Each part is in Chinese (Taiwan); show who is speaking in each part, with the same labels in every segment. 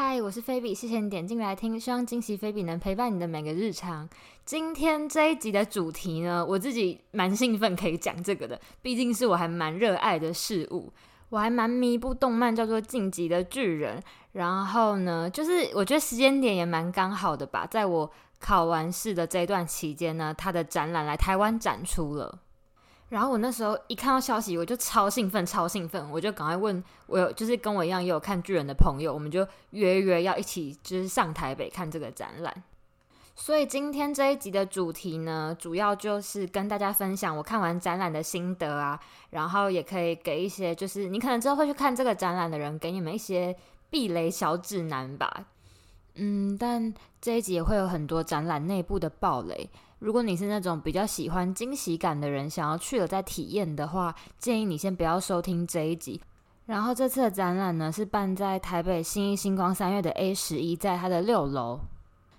Speaker 1: 嗨，我是菲比，謝謝你點進來聽，希望今昔菲比能陪伴你的每個日常。今天這一集的主題呢，我自己蠻興奮可以講這個的，畢竟是我還蠻熱愛的事物，我還蠻迷一部動漫叫做《進擊的巨人》。然後呢，就是我覺得時間點也蠻剛好的吧，在我考完試的這段期間呢，它的展覽來台灣展出了。然後我那時候一看到消息，我就超興奮，超興奮，我就趕快問我有就是跟我一樣也有看巨人的朋友，我們就約約要一起就是上台北看這個展覽。所以今天這一集的主題呢，主要就是跟大家分享我看完展覽的心得啊，然後也可以給一些就是你可能之後會去看這個展覽的人，給你們一些避雷小指南吧。嗯，但這一集也會有很多展覽內部的暴雷。如果你是那種比較喜歡驚喜感的人，想要去了再體驗的話，建議你先不要收聽這一集。然後這次的展覽呢，是辦在台北信義新光三越的 A 十一，在它的六樓。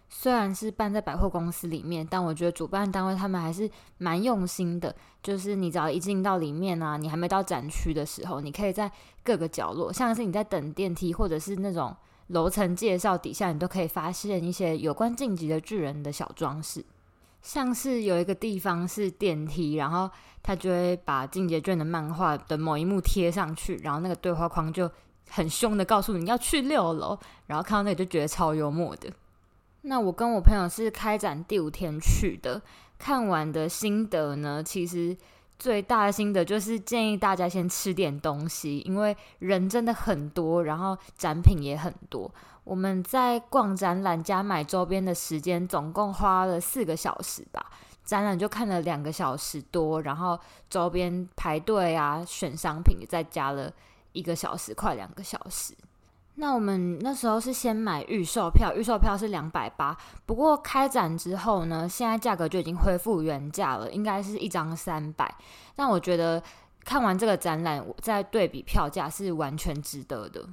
Speaker 1: 雖然是辦在百貨公司裡面，但我覺得主辦單位他們還是蠻用心的。就是你只要一進到裡面啊，你還沒到展區的時候，你可以在各個角落，像是你在等電梯或者是那種樓層介紹底下，你都可以發現一些有關《進擊的巨人》的小裝飾。像是有一個地方是電梯，然後他就會把《進擊的巨人》的漫畫的某一幕貼上去，然後那個對話框就很凶的告訴你要去六樓，然後看到那裡就覺得超幽默的。那我跟我朋友是開展第五天去的，看完的心得呢，其實最大的心得就是建議大家先吃點東西，因為人真的很多，然後展品也很多。我們在逛展覽加買周邊的時間總共花了四個小時吧，展覽就看了兩個小時多，然後周邊排隊啊選商品再加了一個小時，快兩個小時。那我們那時候是先買預售票，預售票是兩百八，不過開展之後呢，現在價格就已經恢復原價了，應該是一張三百。但我覺得看完這個展覽我再對比票價是完全值得的。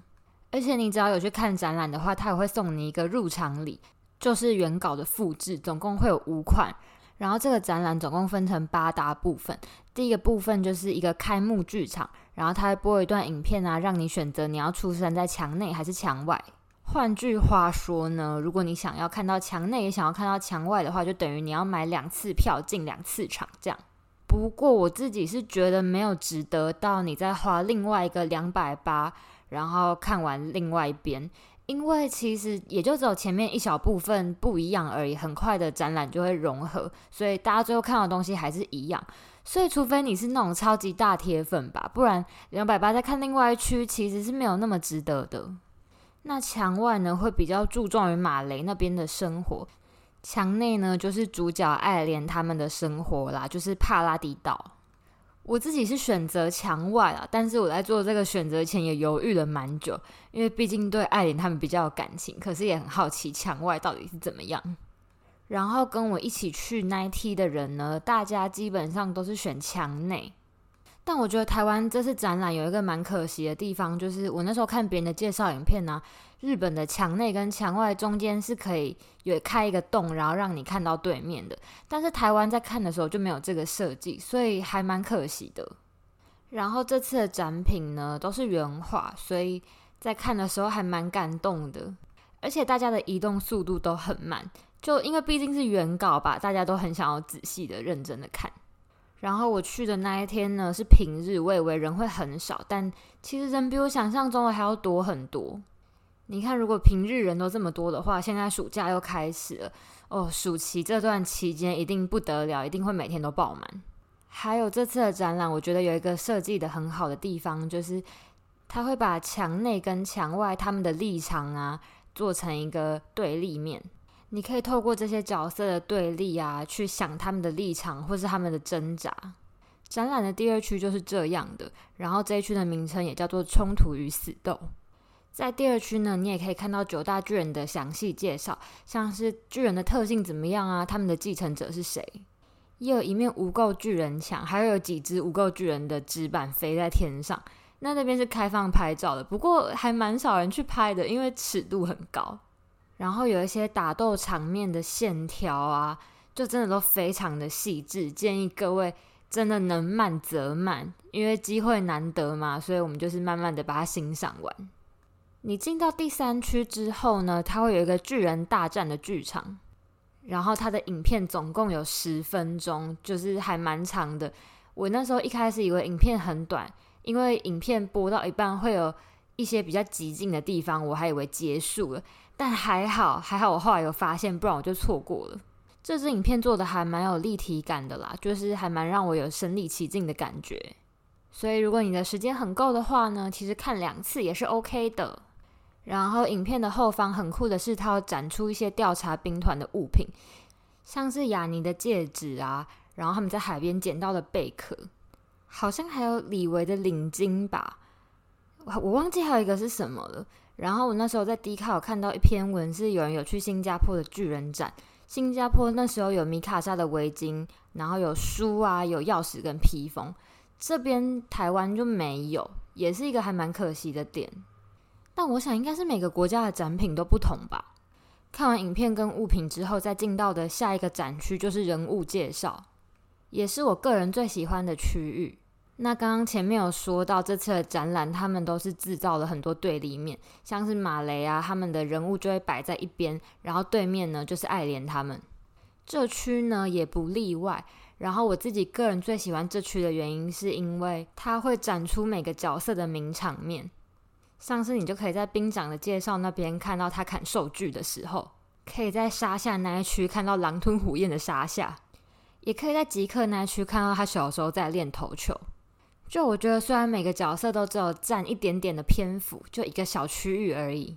Speaker 1: 而且你只要有去看展覽的話，他也會送你一個入場禮，就是原稿的複製，總共會有五款。然後這個展覽總共分成八大部分，第一個部分就是一個開幕劇場，然後他會播一段影片啊，讓你選擇你要出生在牆內還是牆外。換句話說呢，如果你想要看到牆內也想要看到牆外的話，就等於你要買兩次票進兩次場這樣。不過我自己是覺得沒有值得到你再花另外一個兩百八。然後看完另外一邊，因為其實也就只有前面一小部分不一樣而已，很快的展覽就會融合，所以大家最後看到的東西還是一樣。所以除非你是那種超級大鐵粉吧，不然兩百八再看另外一區其實是沒有那麼值得的。那牆外呢會比較注重於馬雷那邊的生活，牆內呢就是主角艾連他們的生活啦，就是帕拉迪島。我自己是選擇牆外啊，但是我在做這個選擇前也猶豫了蠻久，因為畢竟對艾連他們比較有感情，可是也很好奇牆外到底是怎麼樣。然後跟我一起去 Nike 的人呢，大家基本上都是選牆內。但我覺得台灣這次展覽有一個蠻可惜的地方，就是我那時候看別人的介紹影片呢、啊，日本的牆內跟牆外中間是可以有開一個洞，然後讓你看到對面的。但是台灣在看的時候就沒有這個設計，所以還蠻可惜的。然後這次的展品呢都是原畫，所以在看的時候還蠻感動的。而且大家的移動速度都很慢，就因為畢竟是原稿吧，大家都很想要仔細的、認真的看。然後我去的那一天呢，是平日，我以為人會很少，但其實人比我想象中的還要多很多。你看，如果平日人都這麼多的話，現在暑假又開始了，哦，暑期這段期間一定不得了，一定會每天都爆滿。還有這次的展覽，我覺得有一個設計的很好的地方，就是他會把牆內跟牆外他們的立場啊做成一個對立面。你可以透過這些角色的對立啊，去想他們的立場或是他們的掙扎。展覽的第二區就是這樣的，然後這一區的名稱也叫做“衝突與死鬥”。在第二區呢，你也可以看到九大巨人的詳細介紹，像是巨人的特性怎麼樣啊，他們的繼承者是誰。也有一面無垢巨人牆，還會有幾隻無垢巨人的紙板飛在天上。那那邊是開放拍照的，不過還蠻少人去拍的，因為尺度很高。然後有一些打鬥場面的線條啊，就真的都非常的細緻。建議各位真的能慢則慢，因為機會難得嘛，所以我們就是慢慢的把它欣賞完。你進到第三區之後呢，它會有一個巨人大戰的劇場，然後它的影片總共有十分鐘，就是還蠻長的。我那時候一開始以為影片很短，因為影片播到一半會有一些比較激進的地方，我還以為結束了。但還好，還好我後來有發現，不然我就錯過了。這支影片做的還蠻有立體感的啦，就是還蠻讓我有身臨其境的感覺。所以如果你的時間很夠的話呢，其實看兩次也是 OK 的。然後影片的後方很酷的是，它有展出一些調查兵團的物品，像是雅尼的戒指啊，然後他們在海邊撿到的貝殼，好像還有李維的領巾吧，我，我忘記還有一個是什麼了。然後我那時候在 Dcard 有看到一篇文，是有人有去新加坡的巨人展。新加坡那時候有米卡莎的圍巾，然後有書啊，有鑰匙跟披風，這邊台灣就沒有，也是一個還蠻可惜的點。但我想應該是每個國家的展品都不同吧。看完影片跟物品之後，再進到的下一個展區就是人物介紹，也是我個人最喜歡的區域。那剛剛前面有說到這次的展覽，他們都是製造了很多對立面，像是馬萊啊，他們的人物就會擺在一邊，然後對面呢，就是艾連他們。這區呢也不例外。然後我自己個人最喜歡這區的原因，是因為它會展出每個角色的名場面。上次你就可以在兵長的介紹那邊看到他砍獸巨的時候，可以在莎夏那一區看到狼吞虎咽的莎夏，也可以在吉克那一區看到他小時候在練投球。就我覺得，雖然每個角色都只有佔一點點的篇幅，就一個小區域而已，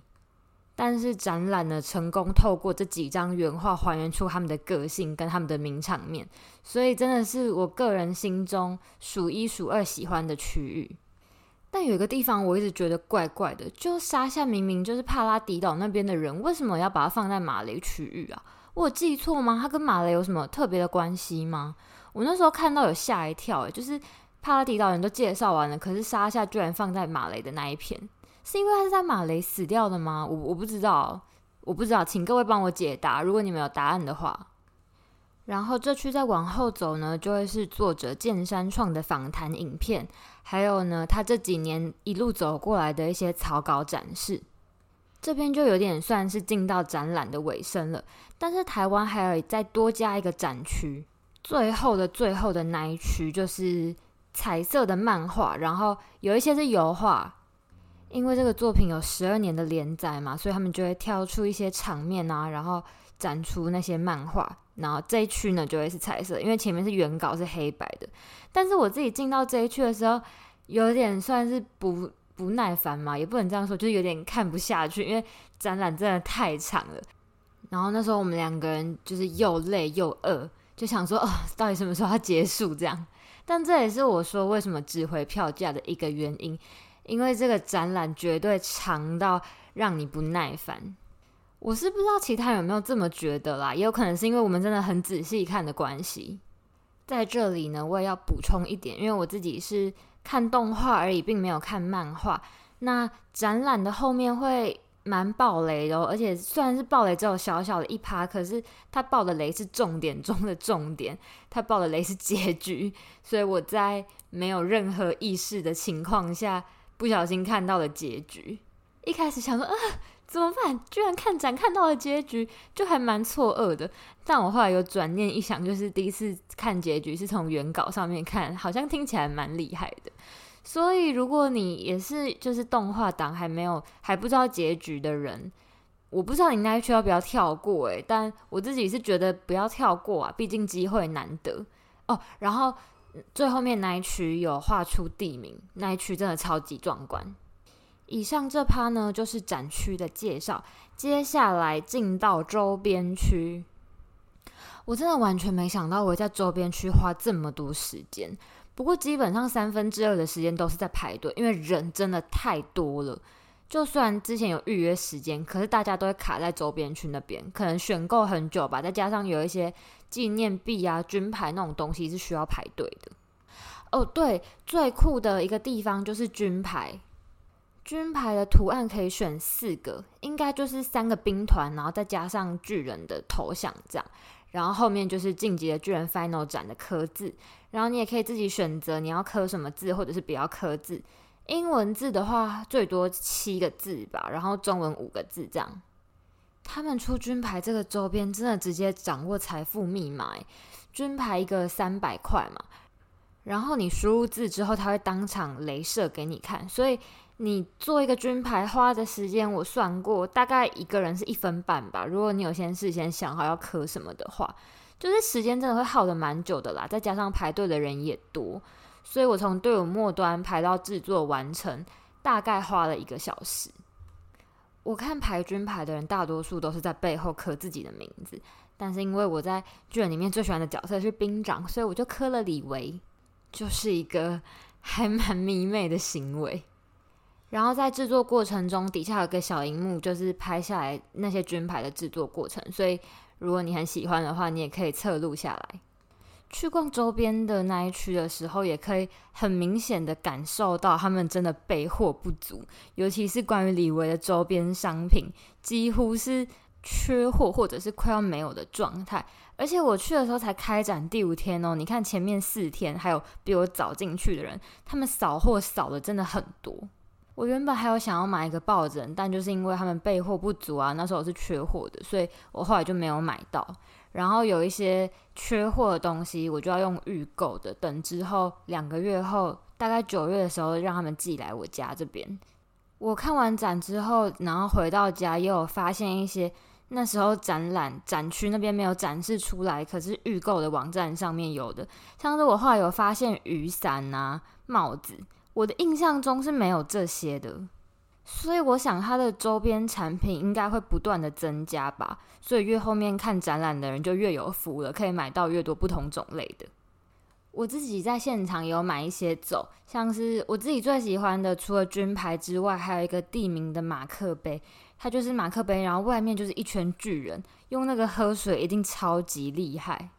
Speaker 1: 但是展覽的成功，透過這幾張原畫還原出他們的個性跟他們的名場面，所以真的是我個人心中數一數二喜歡的區域。但有一個地方我一直覺得怪怪的，就沙夏明明就是帕拉迪島那邊的人，為什麼要把它放在馬雷區域啊？我有記錯嗎？他跟馬雷有什麼特別的關係嗎？我那時候看到有嚇一跳、欸，就是。帕拉迪島人都介紹完了，可是沙夏居然放在馬雷的那一片，是因為他是在馬雷死掉的嗎？我我不知道，我不知道，請各位幫我解答，如果你們有答案的話。然後這區再往後走呢，就會是作者諫山創的訪談影片，還有呢，他這幾年一路走過來的一些草稿展示。這邊就有點算是進到展覽的尾聲了，但是台灣還有再多加一個展區，最後的最後的那一區就是。彩色的漫畫，然後有一些是油畫，因為這個作品有十二年的連載嘛，所以他們就會挑出一些場面啊，然後展出那些漫畫，然後這一區呢就會是彩色，因為前面是原稿是黑白的。但是我自己進到這一區的時候，有點算是不不耐煩嘛，也不能這樣說，就是有點看不下去，因為展覽真的太長了。然後那時候我們兩個人就是又累又餓，就想說哦，到底什麼時候要結束這樣？但這也是我說為什麼值回票價的一個原因，因為這個展覽絕對長到讓你不耐煩。我是不知道其他人有沒有這麼覺得啦，也有可能是因為我們真的很仔細看的關係。在這裡呢，我也要補充一點，因為我自己是看動畫而已，並沒有看漫畫。那展覽的後面會，蠻爆雷的哦，而且雖然是爆雷只有小小的一趴，可是他爆的雷是重點中的重點，他爆的雷是結局，所以我在沒有任何意識的情況下，不小心看到了結局。一開始想說，啊，呃，怎麼辦？居然看展看到了結局，就還蠻錯愕的。但我後來有轉念一想，就是第一次看結局是從原稿上面看，好像聽起來蠻厲害的。所以，如果你也是就是動畫黨還沒有還不知道結局的人，我不知道你那一區要不要跳過誒、欸，但我自己是覺得不要跳過啊，畢竟機會難得哦。然後最後面那一區有畫出地鳴，那一區真的超級壯觀。以上這趴呢，就是展區的介紹，接下來進到周邊區，我真的完全沒想到我在周邊區花這麼多時間。不過基本上三分之二的時間都是在排隊，因為人真的太多了。就算之前有預約時間，可是大家都會卡在周邊區那邊，可能選購很久吧。再加上有一些紀念幣啊、軍牌那種東西是需要排隊的。哦，對，最酷的一個地方就是軍牌，軍牌的圖案可以選四個，應該就是三個兵團，然後再加上巨人的頭像這樣。然後後面就是晉級的巨人 Final 展的刻字，然後你也可以自己選擇你要刻什麼字或者是不要刻字。英文字的話最多七個字吧，然後中文五個字這樣。他們出軍牌這個周邊真的直接掌握財富密碼誒，軍牌一個三百塊嘛，然後你輸入字之後，他會當場鐳射給你看，所以。你做一個軍牌花的時間，我算過，大概一個人是一分半吧。如果你有先事先想好要刻什麼的話，就是時間真的會耗得蠻久的啦。再加上排隊的人也多，所以我從隊伍末端排到制作完成，大概花了一個小時。我看排軍牌的人大多數都是在背後刻自己的名字，但是因為我在巨人裡面最喜歡的角色是兵長，所以我就刻了李維，就是一個還蠻迷妹的行為。然後在制作過程中，底下有個小熒幕，就是拍下來那些軍牌的制作過程。所以，如果你很喜歡的話，你也可以側錄下來。去逛周邊的那一區的時候，也可以很明顯的感受到他們真的備貨不足，尤其是關於李維的周邊商品，幾乎是缺貨或者是快要沒有的狀態。而且我去的時候才開展第五天哦，你看前面四天還有比我早進去的人，他們掃貨掃的真的很多。我原本還有想要買一個抱枕，但就是因為他們備貨不足啊，那時候是缺貨的，所以我後來就沒有買到。然後有一些缺貨的東西，我就要用預購的，等之後兩個月後，大概九月的時候讓他們寄來我家這邊。我看完展之後，然後回到家又有發現一些那時候展覽展區那邊沒有展示出來，可是預購的網站上面有的，像是我後來有發現雨傘啊、帽子。我的印象中是沒有這些的，所以我想它的周邊產品應該會不斷的增加吧。所以越後面看展覽的人就越有福了，可以買到越多不同種類的。我自己在現場有買一些走，像是我自己最喜歡的，除了軍牌之外，還有一個地名的馬克杯，它就是馬克杯，然後外面就是一圈巨人，用那個喝水一定超級厲害。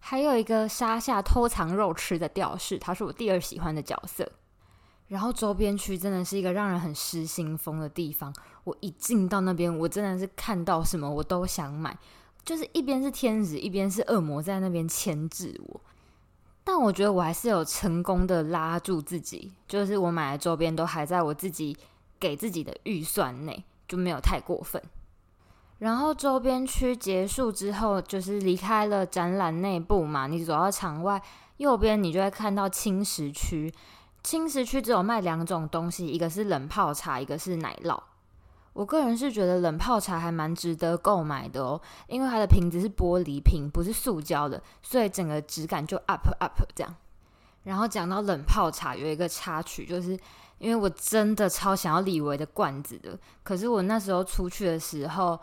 Speaker 1: 還有一個沙夏偷藏肉吃的吊飾，他是我第二喜歡的角色。然後周邊區真的是一個讓人很失心瘋的地方。我一進到那邊，我真的是看到什麼我都想買，就是一邊是天使，一邊是惡魔在那邊牽制我。但我覺得我還是有成功的拉住自己，就是我買的周邊都還在我自己給自己的預算內，就沒有太過分。然後周邊區結束之後，就是離開了展覽內部嘛，你走到場外右邊，你就會看到輕食區。輕食區只有賣兩種東西，一個是冷泡茶，一個是奶酪。我個人是覺得冷泡茶還蠻值得購買的哦，因為它的瓶子是玻璃瓶，不是塑膠的，所以整個質感就 up up 這樣。然後講到冷泡茶，有一個插曲，就是因為我真的超想要裡維的罐子的，可是我那時候出去的時候，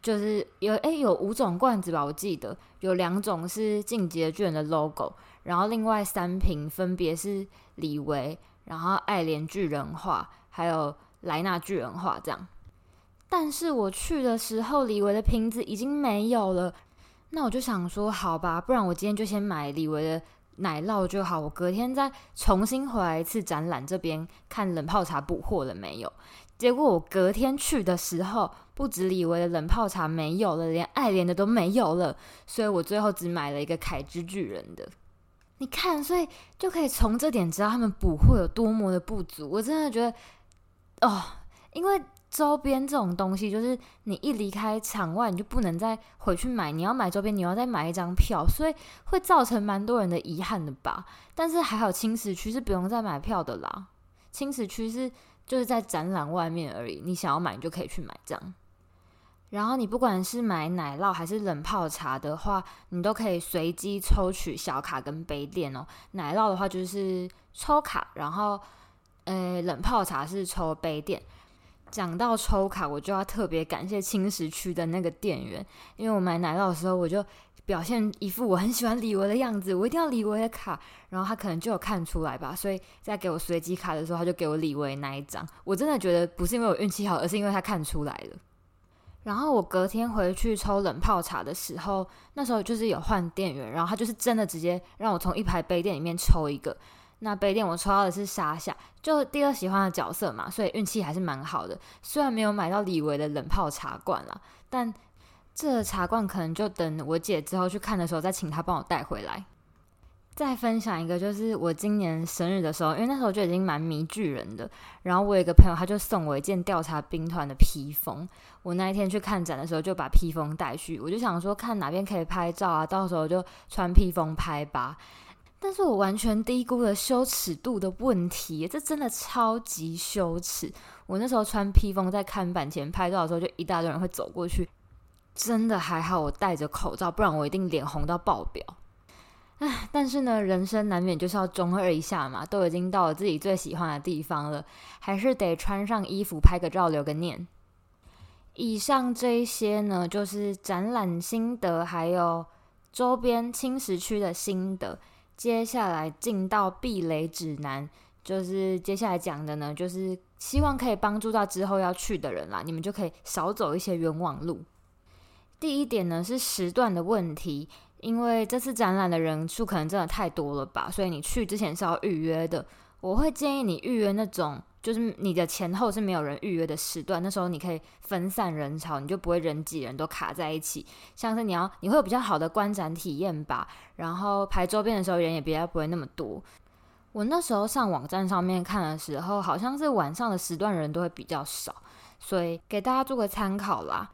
Speaker 1: 就是有誒、欸，有五種罐子吧，我記得有兩種是進擊的 logo，然後另外三瓶分別是。李維，然後艾連巨人化，還有萊納巨人化這樣。但是我去的時候，李維的瓶子已經沒有了。那我就想說，好吧，不然我今天就先買李維的奶酪就好。我隔天再重新回來一次展覽這邊看冷泡茶補貨了沒有。結果我隔天去的時候，不止李維的冷泡茶沒有了，連艾連的都沒有了。所以我最後只買了一個鎧之巨人的。你看，所以就可以從這點知道他們補貨有多麼的不足。我真的覺得，哦，因為周邊這種東西，就是你一離開場外，你就不能再回去買。你要買周邊，你要再買一張票，所以會造成蠻多人的遺憾的吧。但是還好，青石區是不用再買票的啦。青石區是就是在展覽外面而已，你想要買，你就可以去買這樣。然後你不管是買奶酪還是冷泡茶的話，你都可以隨機抽取小卡跟杯墊哦。奶酪的話就是抽卡，然後呃，冷泡茶是抽杯墊。講到抽卡，我就要特別感謝青石區的那個店員，因為我買奶酪的時候，我就表現一副我很喜歡李維的樣子，我一定要李維的卡。然後他可能就有看出來吧，所以在給我隨機卡的時候，他就給我李維那一張。我真的覺得不是因為我運氣好，而是因為他看出來了。然後我隔天回去抽冷泡茶的時候，那時候就是有換店員，然後他就是真的直接讓我從一排杯墊裡面抽一個。那杯墊我抽到的是莎夏，就第二喜歡的角色嘛，所以運氣還是蠻好的。雖然沒有買到李維的冷泡茶罐啦，但這個茶罐可能就等我姐之後去看的時候再請她幫我帶回來。再分享一個，就是我今年生日的時候，因為那時候就已經蠻迷巨人的，然後我有一個朋友他就送我一件調查兵團的披風。我那一天去看展的時候，就把披風帶去，我就想說看哪邊可以拍照啊，到時候就穿披風拍吧。但是我完全低估了羞恥度的問題，這真的超級羞恥。我那時候穿披風在看板前拍照的時候，就一大堆人會走過去，真的還好我戴着口罩，不然我一定臉紅到爆表。唉，但是呢，人生難免就是要中二一下嘛，都已經到了自己最喜歡的地方了，還是得穿上衣服拍個照留個念。以上這些呢，就是展覽心得，還有周邊輕食區的心得。接下來進到避雷指南，就是接下來講的呢，就是希望可以幫助到之後要去的人啦，你們就可以少走一些冤枉路。第一點呢，是時段的問題。因為這次展覽的人數可能真的太多了吧，所以你去之前是要預約的。我會建議你預約那種，就是你的前後是沒有人預約的時段，那時候你可以分散人潮，你就不會人擠人都卡在一起。像是你要，你會有比較好的觀展體驗吧。然後排周邊的時候人也比較不會那麼多。我那時候上網站上面看的時候，好像是晚上的時段的人都會比較少，所以給大家做個參考啦。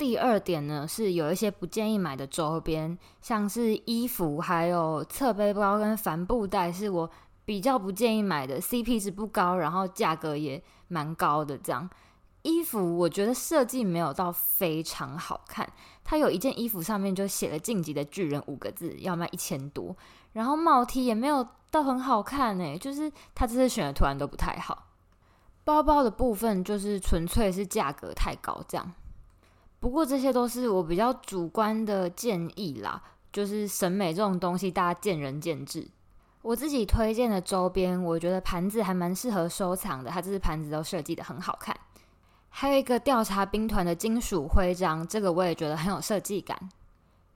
Speaker 1: 第二點呢，是有一些不建議買的周邊，像是衣服，還有側背包跟帆布袋，是我比較不建議買的，CP 值不高，然後價格也蠻高的這樣。衣服我覺得設計沒有到非常好看，它有一件衣服上面就寫了“進擊的巨人”五個字，要賣一千多。然後帽 T 也沒有到很好看哎、欸，就是他這次選的圖案都不太好。包包的部分就是純粹是價格太高，這樣。不過這些都是我比較主觀的建議啦，就是審美這種東西，大家見仁見智。我自己推薦的周邊，我覺得盤子還蠻適合收藏的，它這些盤子都設計得很好看。還有一個調查兵團的金屬徽章，這個我也覺得很有設計感。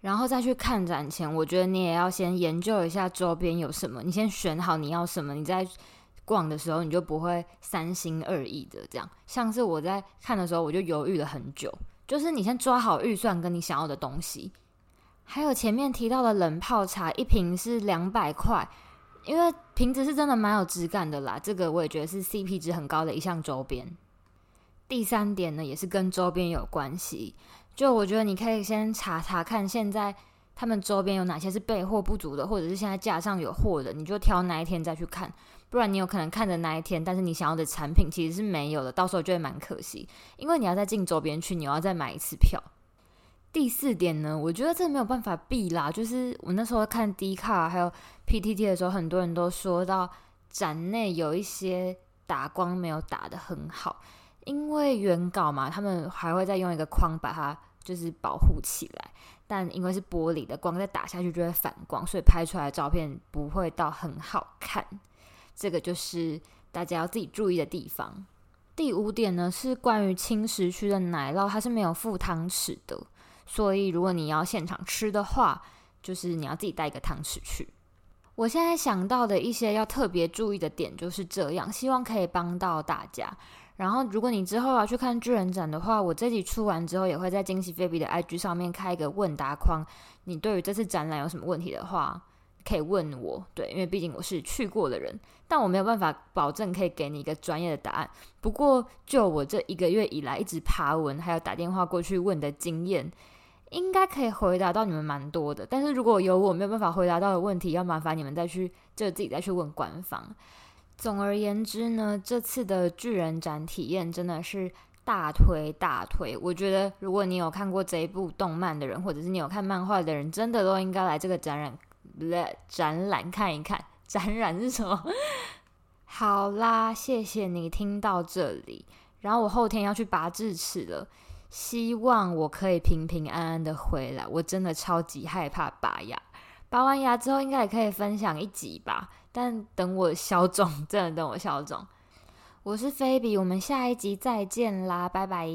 Speaker 1: 然後再去看展前，我覺得你也要先研究一下周邊有什麼，你先選好你要什麼，你在逛的時候你就不會三心二意的。這樣，像是我在看的時候，我就猶豫了很久。就是你先抓好預算跟你想要的東西，還有前面提到的冷泡茶一瓶是兩百塊，因為瓶子是真的蠻有質感的啦，這個我也覺得是 CP 值很高的一項周邊。第三點呢，也是跟周邊有關係，就我覺得你可以先查查看現在他們周邊有哪些是備貨不足的，或者是現在架上有貨的，你就挑哪一天再去看。不然你有可能看的那一天，但是你想要的產品其實是沒有的，到時候就會蠻可惜。因為你要再進周邊去，你要再買一次票。第四點呢，我覺得這沒有辦法避啦。就是我那時候看 D 卡還有 PTT 的時候，很多人都說到展內有一些打光沒有打得很好，因為原稿嘛，他們還會再用一個框把它就是保護起來，但因為是玻璃的光，光再打下去就會反光，所以拍出來的照片不會到很好看。這個就是大家要自己注意的地方。第五點呢，是關於輕食區的奶酪，它是沒有附湯匙的，所以如果你要現場吃的話，就是你要自己帶一個湯匙去。我現在想到的一些要特別注意的點就是這樣，希望可以幫到大家。然後，如果你之後要、啊、去看巨人展的話，我這集出完之後也會在今昔菲比的 IG 上面開一個問答框，你對於這次展覽有什麼問題的話，可以問我，對，因為畢竟我是去過的人，但我沒有辦法保證可以給你一個專業的答案。不過，就我這一個月以來一直爬文，還有打電話過去問的經驗，應該可以回答到你們蠻多的。但是如果有我沒有辦法回答到的問題，要麻煩你們再去，就自己再去問官方。總而言之呢，這次的巨人展體驗真的是大推大推。我覺得如果你有看過這一部動漫的人，或者是你有看漫畫的人，真的都應該來這個展覽。展覽看一看，展覽是什麼？好啦，謝謝你聽到這裡。然後我後天要去拔智齒了，希望我可以平平安安的回來。我真的超級害怕拔牙，拔完牙之後應該也可以分享一集吧？但等我消腫，真的等我消腫。我是菲比，我們下一集再見啦，拜拜。